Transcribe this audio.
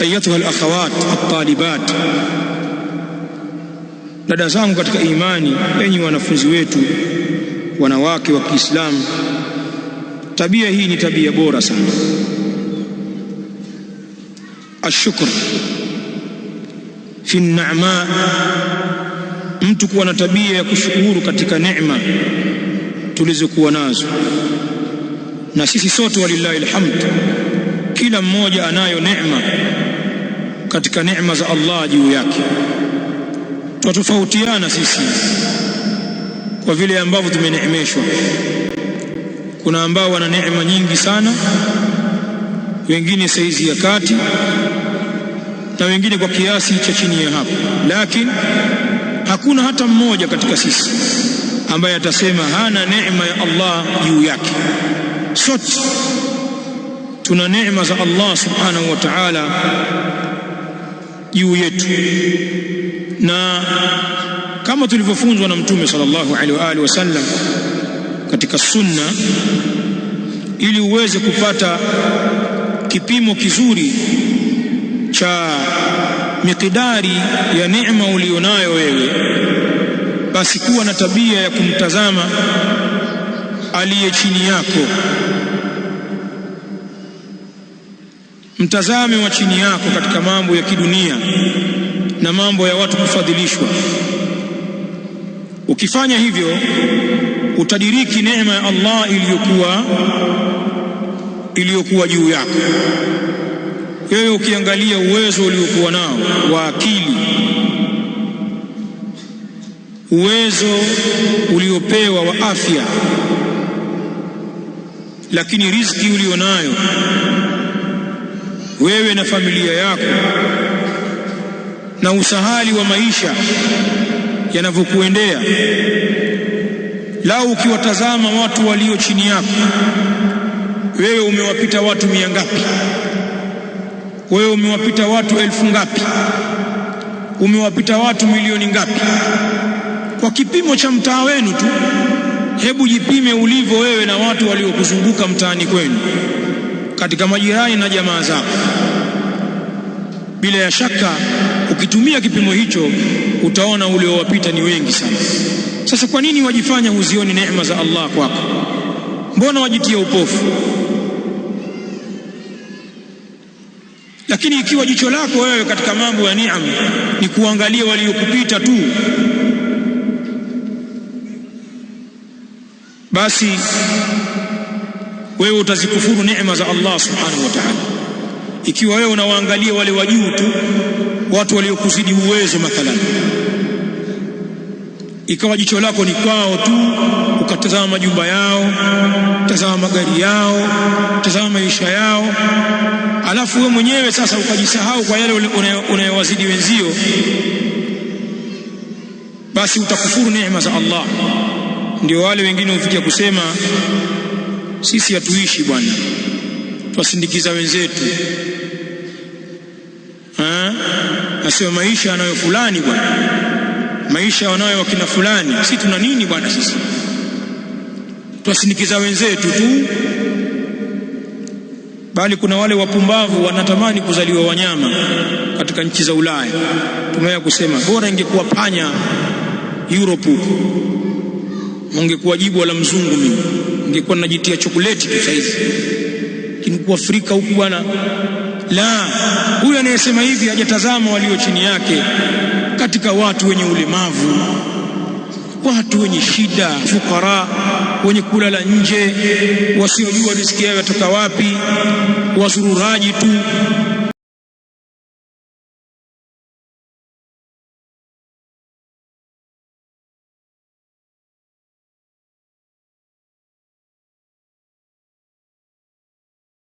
ayatuha alakhawat altalibat, dada zangu katika imani, enyi wanafunzi wetu wanawake wa Kiislamu, tabia hii ni tabia bora sana. Ashukr fi na'ma, mtu kuwa na tabia ya kushukuru katika neema tulizokuwa nazo. Na sisi sote walillahi alhamd, kila mmoja anayo neema katika neema za Allah juu yake. Twatofautiana sisi kwa vile ambavyo tumeneemeshwa. Kuna ambao wana neema nyingi sana, wengine saizi ya kati, na wengine kwa kiasi cha chini ya hapo, lakini hakuna hata mmoja katika sisi ambaye atasema hana neema ya Allah juu yake. Sote tuna neema za Allah subhanahu wa ta'ala juu yetu, na kama tulivyofunzwa na Mtume sallallahu alaihi wa alihi wasallam katika sunna, ili uweze kupata kipimo kizuri cha mikidari ya neema ulionayo wewe, basi kuwa na tabia ya kumtazama aliye chini yako. mtazame wa chini yako katika mambo ya kidunia na mambo ya watu kufadhilishwa. Ukifanya hivyo utadiriki neema ya Allah iliyokuwa iliyokuwa juu yako. Wewe ukiangalia uwezo uliokuwa nao wa akili, uwezo uliopewa wa afya, lakini riziki ulionayo wewe na familia yako na usahali wa maisha yanavyokuendea. Lau ukiwatazama watu walio chini yako, wewe umewapita watu mia ngapi? Wewe umewapita watu elfu ngapi? Umewapita watu milioni ngapi? Kwa kipimo cha mtaa wenu tu, hebu jipime ulivyo wewe na watu waliokuzunguka mtaani kwenu katika majirani na jamaa zako Bila ya shaka, ukitumia kipimo hicho utaona uliowapita ni wengi sana. Sasa kwa nini wajifanya huzioni neema za Allah kwako? Mbona wajitia upofu? Lakini ikiwa jicho lako wewe katika mambo ya neema ni kuangalia waliokupita tu, basi wewe utazikufuru neema za Allah subhanahu wa ta'ala. Ikiwa wewe unawaangalia wale wa juu tu, watu waliokuzidi uwezo mathalan, ikawa jicho lako ni kwao tu, ukatazama majumba yao, tazama magari yao, tazama maisha yao, alafu wewe mwenyewe sasa ukajisahau kwa yale unayowazidi wenzio, basi utakufuru neema za Allah. Ndio wale wengine hufikia kusema sisi hatuishi bwana, twasindikiza wenzetu ha? Nasema maisha anayo fulani bwana, maisha wanayo wakina fulani. Sisi tuna nini bwana? Sisi twasindikiza wenzetu tu, bali kuna wale wapumbavu wanatamani kuzaliwa wanyama katika nchi za Ulaya. Tumeweza kusema bora ingekuwa panya Europe, ungekuwa jibu la mzungu mimi ningekuwa najitia chokoleti tu sasa hivi, lakini kuafrika huku bwana la. Huyu anayesema hivi hajatazama walio chini yake katika watu wenye ulemavu, watu wenye shida, fukara, wenye kulala nje, wasiojua riziki yao yatoka wapi, wazururaji tu.